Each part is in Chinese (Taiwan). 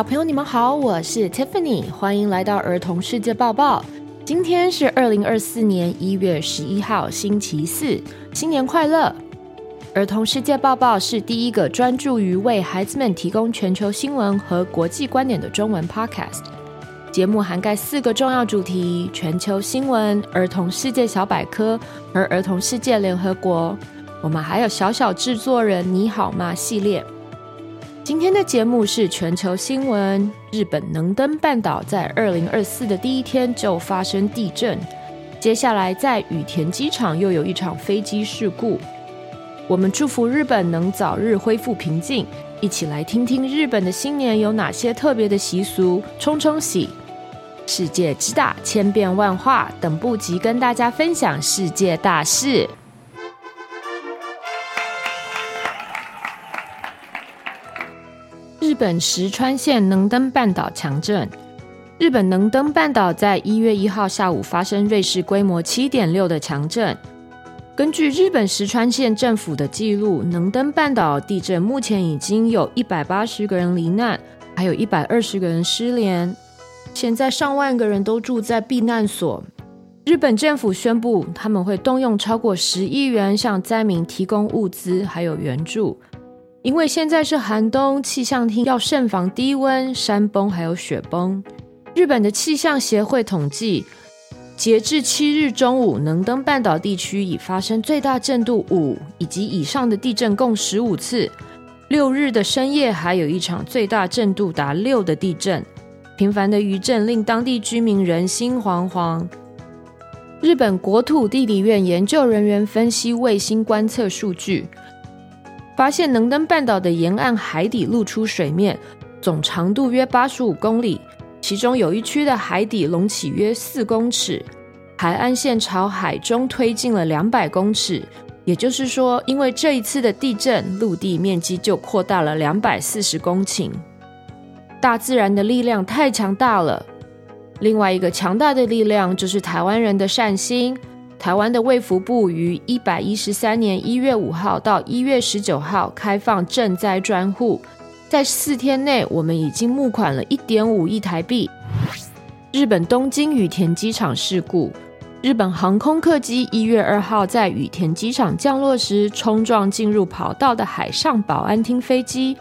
小朋友，你們好，我是 Tiffany，歡迎來到兒童世界報報。今天是二零二四年一月十一號，星期四，新年快樂！兒童世界報報是第一個專注於為孩子們提供全球新聞和國際觀點的中文 Podcast。節目涵蓋四個重要主題：全球新聞、兒童世界小百科、和兒童世界聯合國。我們還有小小制作人你好嗎系列。今天的節目是全球新聞。日本能登半島在二零二四的第一天就發生地震，接下來在羽田機場又有一場飛機事故。我們祝福日本能早日恢復平靜。一起來聽聽日本的新年有哪些特別的習俗，沖沖喜。世界之大，千變萬化，等不及跟大家分享世界大事。日本石川縣能登半島強震。日本能登半島在一月一號下午發生芮氏規模七點六的強震。根據日本石川縣政府的記錄，能登半島地震目前已經有一百八十個人罹難，還有一百二十個人失聯。現在上萬個人都住在避難所。日本政府宣布，他們會動用超過十億元向災民提供物資還有援助。因為現在是寒冬，氣象廳要慎防低溫、山崩還有雪崩。日本的氣象協會統計，截至七日中午，能登半島地區已發生最大震度五以及以上的地震共十五次。六日的深夜還有一場最大震度達六的地震，頻繁的餘震令當地居民人心惶惶。日本國土地理院研究人員分析衛星觀測數據。發現能登半島的沿岸海底露出水面，總長度約八十五公里，其中有一區的海底隆起約四公尺，海岸線朝海中推進了兩百公尺。也就是說，因為這一次的地震，陸地面積就擴大了兩百四十公頃。大自然的力量太強大了。另外一個強大的力量就是台灣人的善心。台灣的衛福部於一百一十三年一月五號到一月十九號開放賑災專戶，在四天內我們已經募款了一點五億台幣。日本東京羽田機場事故，日本航空客機一月二號在羽田機場降落時衝撞進入跑道的海上保安廳飛機，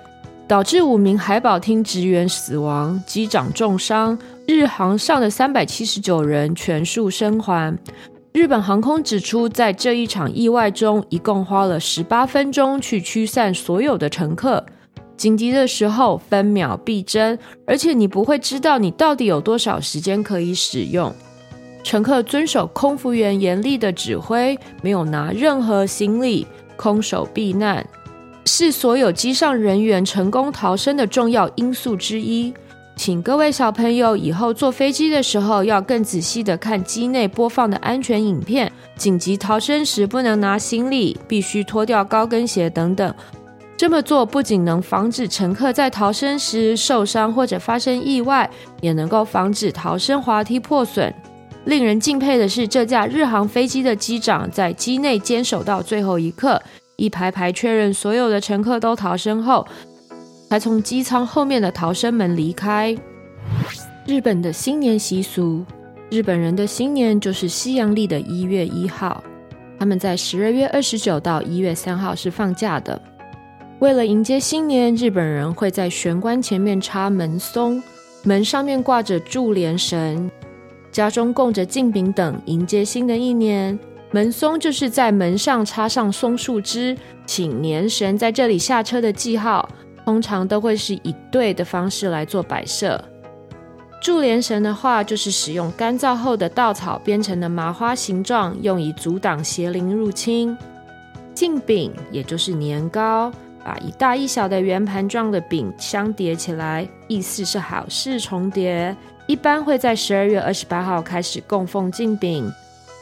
導致五名海保廳職員死亡，機長重傷，日航上的三百七十九人全數生還。日本航空指出，在這一場意外中，一共花了十八分鐘去驅散所有的乘客。緊急的時候分秒必爭，而且你不會知道你到底有多少時間可以使用。乘客遵守空服員嚴厲的指揮，沒有拿任何行李，空手避難，是所有機上人員成功逃生的重要因素之一。請各位小朋友以後坐飛機的時候，要更仔細地看機內播放的安全影片。緊急逃生時不能拿行李，必須脫掉高跟鞋等等。這麼做不僅能防止乘客在逃生時受傷或者發生意外，也能夠防止逃生滑梯破損。令人敬佩的是，這架日航飛機的機長在機內堅守到最後一刻，一排排確認所有的乘客都逃生後，才從機艙後面的逃生門離開。日本的新年習俗。日本人的新年就是西洋曆的一月一號。他們在十二月二十九到一月三號是放假的。為了迎接新年，日本人會在玄關前面插門松，門上面掛着注連繩，家中供着鏡餅等，迎接新的一年。門松就是在門上插上松樹枝，請年神在這裡下車的記號。通常都會是以對的方式來做擺設。注連繩的話，就是使用乾燥後的稻草編成的麻花形狀，用以阻擋邪靈入侵。鏡餅也就是年糕，把一大一小的圓盤狀的餅相疊起來，意思是好事重疊。一般會在十二月二十八號開始供奉鏡餅，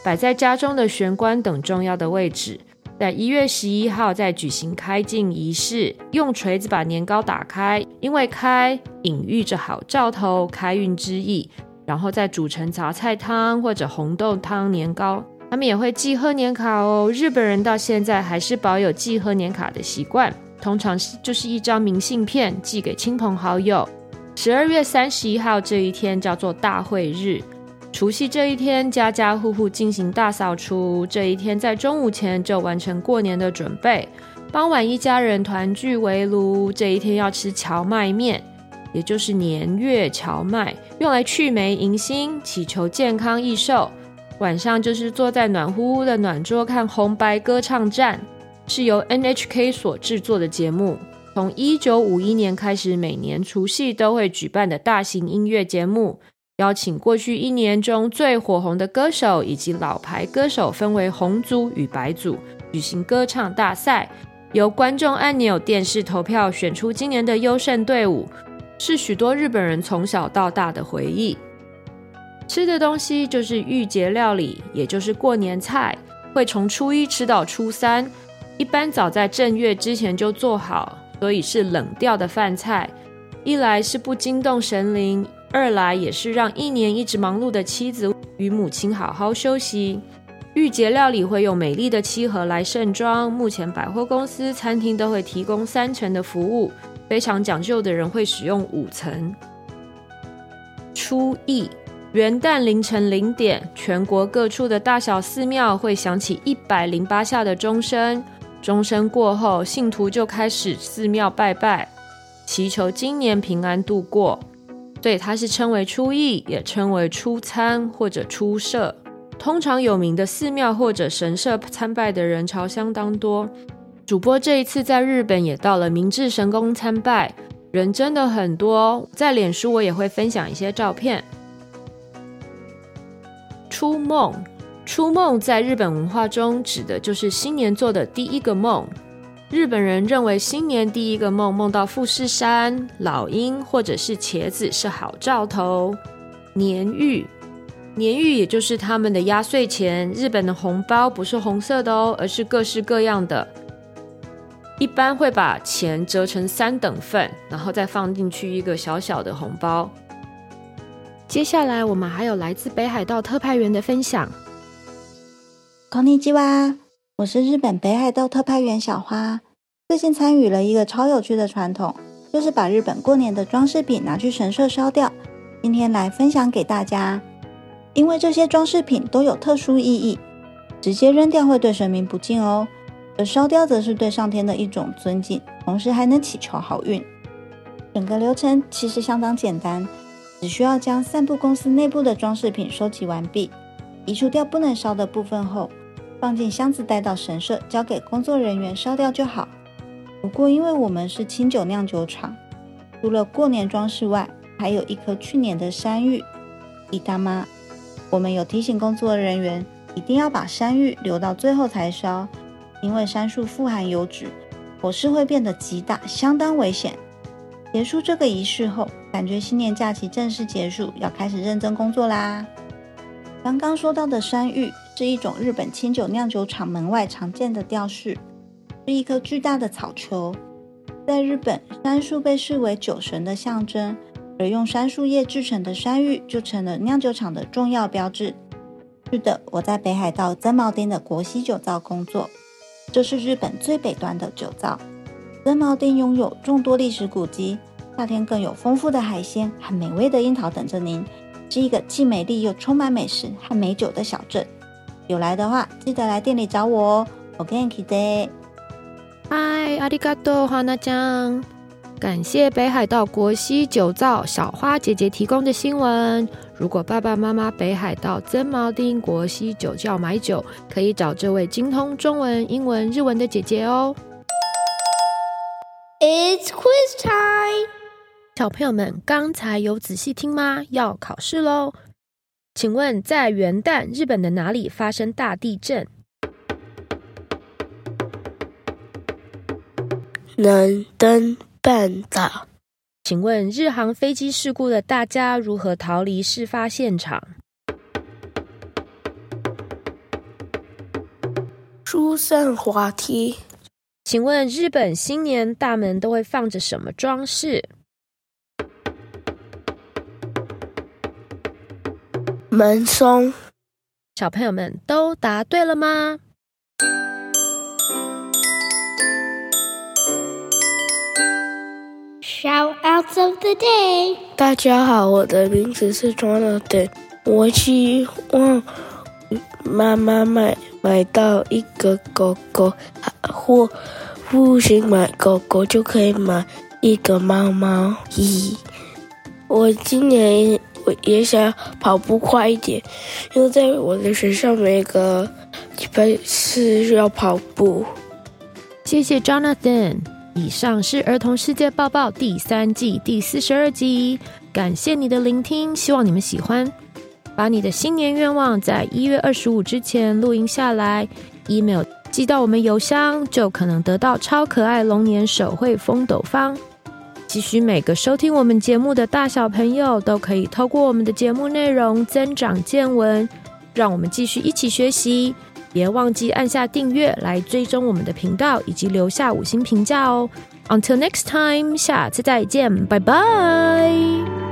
擺在家中的玄關等重要的位置。1> 在一月十一號再舉行開鏡儀式，用錘子把年糕打開，因為開隱喻着好兆頭、開運之意，然後再煮成雜菜湯或者紅豆湯年糕。他們也會寄賀年卡哦，日本人到現在還是保有寄賀年卡的習慣，通常就是一張明信片寄給親朋好友。十二月三十一號這一天叫做大會日。除夕這一天，家家戶戶進行大掃除。這一天在中午前就完成過年的準備。傍晚，一家人團聚圍爐。這一天要吃蕎麥麵，也就是年月蕎麥，用來去霉迎新，祈求健康益壽。晚上就是坐在暖乎乎的暖桌看紅白歌唱戰，是由 NHK 所製作的節目，從1951年開始，每年除夕都會舉辦的大型音樂節目。邀請過去一年中最火紅的歌手以及老牌歌手，分為紅組與白組，舉行歌唱大賽，由觀眾按鈕電視投票選出今年的優勝隊伍，是許多日本人從小到大的回憶。吃的東西就是御節料理，也就是過年菜，會從初一吃到初三，一般早在正月之前就做好，所以是冷掉的飯菜，一來是不驚動神靈。二來也是讓一年一直忙碌的妻子與母親好好休息。御節料理會用美麗的漆盒來盛裝。目前百貨公司、餐廳都會提供三層的服務，非常講究的人會使用五層。初一，元旦凌晨零點，全國各處的大小寺廟會響起一百零八下的鐘聲。鐘聲過後，信徒就開始寺廟拜拜，祈求今年平安度過。所以它是稱為初詣，也稱為初參或者初社。通常有名的寺廟或者神社參拜的人潮相當多。主播這一次在日本也到了明治神宮參拜，人真的很多哦。在臉書我也會分享一些照片。初夢，初夢在日本文化中指的就是新年做的第一個夢。日本人認為新年第一個夢夢到富士山、老鷹或者是茄子是好兆頭。年玉，年玉也就是他們的壓歲錢。日本的紅包不是紅色的哦，而是各式各樣的，一般會把錢折成三等份，然後再放進去一個小小的紅包。接下來我們還有來自北海道特派員的分享。こんにちは。我是日本北海道特派員小花，最近參與了一個超有趣的傳統，就是把日本過年的裝飾品拿去神社燒掉。今天來分享給大家，因為這些裝飾品都有特殊意義，直接扔掉會對神明不敬哦。而燒掉則是對上天的一種尊敬，同時還能祈求好運。整個流程其實相當簡單，只需要將散布公司內部的裝飾品收集完畢，移除掉不能燒的部分後。放進箱子帶到神社，交給工作人員燒掉就好。不過因為我們是清酒釀酒廠，除了過年裝飾外，還有一顆去年的杉玉。李大媽，我們有提醒工作人員一定要把杉玉留到最後才燒，因為杉樹富含油脂，火勢會變得極大，相當危險。結束這個儀式後，感覺新年假期正式結束，要開始認真工作啦。剛剛說到的杉玉是一種日本清酒釀酒廠門外常見的吊飾，是一棵巨大的草球。在日本，杉樹被視為酒神的象徵，而用杉樹葉製成的杉玉就成了釀酒廠的重要標誌。是的，我在北海道增毛町的國稀酒造工作，這是日本最北端的酒造。增毛町擁有眾多歷史古蹟，夏天更有豐富的海鮮和美味的櫻桃等着您，是一個既美麗又充滿美食和美酒的小鎮。有來的話，記得來店裡找我哦。我 k a y d 嗨，阿里嘎多，花娜醬，感謝北海道國西酒造小花姐姐提供的新聞。如果爸爸媽媽北海道增毛町國西酒窖買酒，可以找這位精通中文、英文、日文的姐姐哦。It's quiz time，小朋友們，剛才有仔細聽嗎？要考試嘍。請問在元旦日本的哪裡發生大地震？能登半島。請問日航飛機事故的大家如何逃離事發現場？疏散滑梯。請問日本新年大門都會放着什麼裝飾？門松，小朋友們都答對了嗎？Shoutouts of the day，大家好，我的名字是裝 o n 我希望媽媽買買到一個狗狗，啊、或父親買狗狗就可以買一個貓貓。咦，我今年。我也想要跑步快一點，因為在我的學校每個禮拜是要跑步。謝謝 Jonathan。以上是《兒童世界報報》第三季第四十二集，感謝你的聆聽，希望你們喜歡。把你的新年願望在一月二十五之前錄音下來，email 寄到我們郵箱，就可能得到超可愛龍年手繪風斗方。期許每個收聽我們節目的大小朋友都可以透過我們的節目內容增長見聞，讓我們繼續一起學習。別忘記按下訂閱來追蹤我們的頻道，以及留下五星評價哦。Until next time，下次再見，拜拜。